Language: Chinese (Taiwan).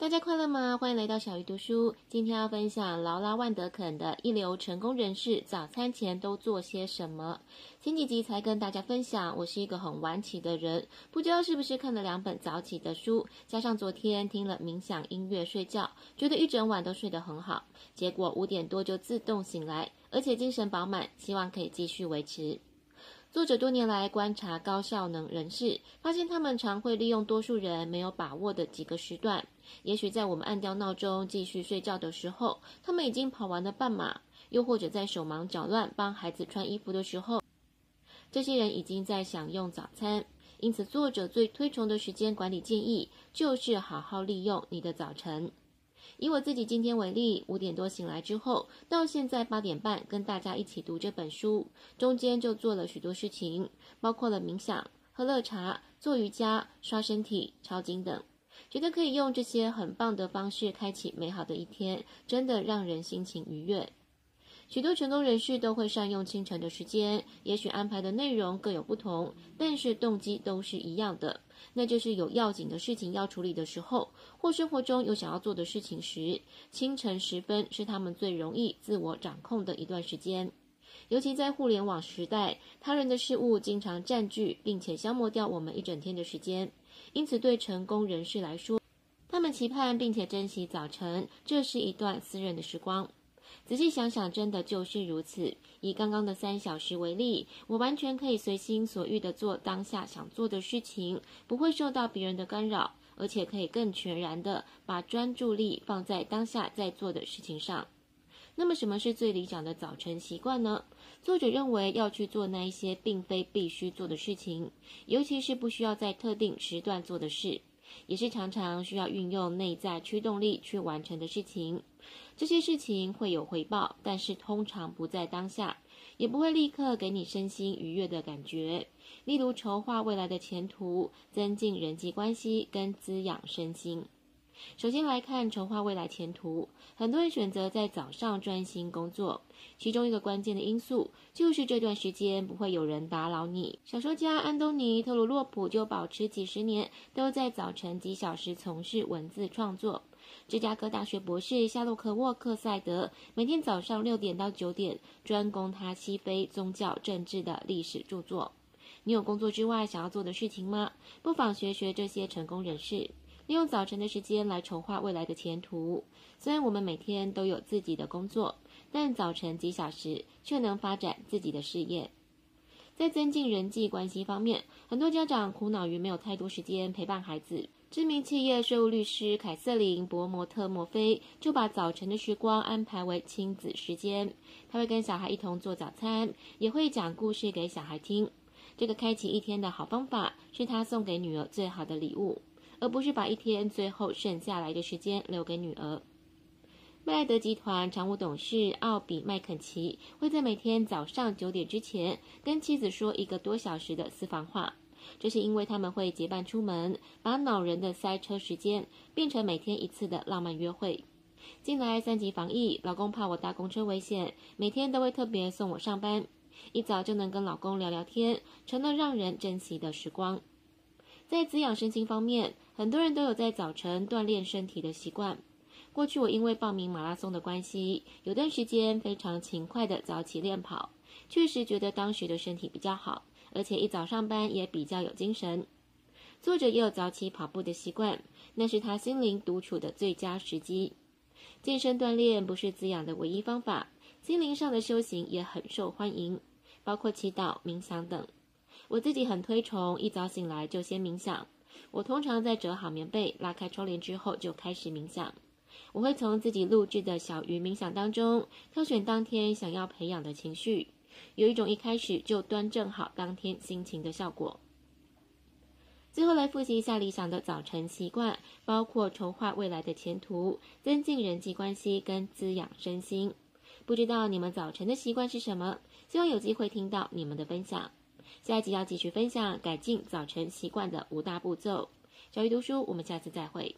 大家快樂嗎？歡迎來到小魚讀書。今天要分享勞拉萬德肯的一流成功人士早餐前都做些什麼。前幾集才跟大家分享，我是一個很晚起的人。不知道是不是看了兩本早起的書，加上昨天聽了冥想音樂睡覺，覺得一整晚都睡得很好。結果五點多就自動醒來，而且精神飽滿，希望可以繼續維持。作者多年來觀察高效能人士，發現他們常會利用多數人沒有把握的幾個時段。也許在我們按掉鬧鐘繼續睡覺的時候，他們已經跑完了半馬；又或者在手忙腳亂幫孩子穿衣服的時候，這些人已經在享用早餐。因此，作者最推崇的時間管理建議就是好好利用你的早晨。以我自己今天為例，五點多醒來之後，到現在八點半，跟大家一起讀這本書，中間就做了許多事情，包括了冥想、喝熱茶、做瑜伽、刷身體、抄經等，覺得可以用這些很棒的方式開啟美好的一天，真的讓人心情愉悅。許多成功人士都會善用清晨的時間，也許安排的內容各有不同，但是動機都是一樣的，那就是有要緊的事情要處理的時候，或生活中有想要做的事情時，清晨時分是他們最容易自我掌控的一段時間。尤其在互聯網時代，他人的事物經常占據並且消磨掉我們一整天的時間，因此對成功人士來說，他們期盼並且珍惜早晨，這是一段私人的時光。仔細想想，真的就是如此。以剛剛的三小時為例，我完全可以隨心所欲地做當下想做的事情，不會受到別人的干擾，而且可以更全然地把專注力放在當下在做的事情上。那麼，什麼是最理想的早晨習慣呢？作者認為要去做那一些並非必須做的事情，尤其是不需要在特定時段做的事。也是常常需要運用內在驅動力去完成的事情。這些事情會有回報，但是通常不在當下，也不會立刻給你身心愉悅的感覺。例如，籌劃未來的前途，增進人際關係、跟滋養身心。首先來看籌劃未來前途，很多人選擇在早上專心工作。其中一個關鍵的因素就是這段時間不會有人打擾你。小說家安東尼·特魯洛普就保持幾十年都在早晨幾小時從事文字創作。芝加哥大學博士夏洛克·沃克賽德每天早上六點到九點專攻他西非宗教政治的歷史著作。你有工作之外想要做的事情嗎？不妨學學這些成功人士。利用早晨的時間來籌劃未來的前途。雖然我們每天都有自己的工作，但早晨幾小時卻能發展自己的事業。在增進人際關係方面，很多家長苦惱於沒有太多時間陪伴孩子。知名企業稅務律師凱瑟琳·博摩特·墨菲就把早晨的時光安排為親子時間。他會跟小孩一同做早餐，也會講故事給小孩聽。這個開啟一天的好方法，是他送給女兒最好的禮物。而不是把一天最後剩下來的時間留給女兒。貝萊德集團常務董事奧比麥肯齊會在每天早上九點之前跟妻子說一個多小時的私房話，這是因為他們會結伴出門，把惱人的塞車時間變成每天一次的浪漫約會。近來三級防疫，老公怕我搭公車危險，每天都會特別送我上班，一早就能跟老公聊聊天，成了讓人珍惜的時光。在滋養身心方面，很多人都有在早晨鍛鍊身體的習慣。過去我因為報名馬拉松的關係，有段時間非常勤快的早起練跑，確實覺得當時的身體比較好，而且一早上班也比較有精神。作者也有早起跑步的習慣，那是他心靈獨處的最佳時機。健身鍛鍊不是滋養的唯一方法，心靈上的修行也很受歡迎，包括祈禱、冥想等。我自己很推崇，一早醒來就先冥想。我通常在折好棉被、拉開窗簾之後就開始冥想。我會從自己錄製的小魚冥想當中挑選當天想要培養的情緒，有一種一開始就端正好當天心情的效果。最後來複習一下理想的早晨習慣，包括籌劃未來的前途、增進人際關係跟滋養身心。不知道你們早晨的習慣是什麼？希望有機會聽到你們的分享。下一集要繼續分享改進早晨習慣的五大步驟。小魚讀書，我們下次再會。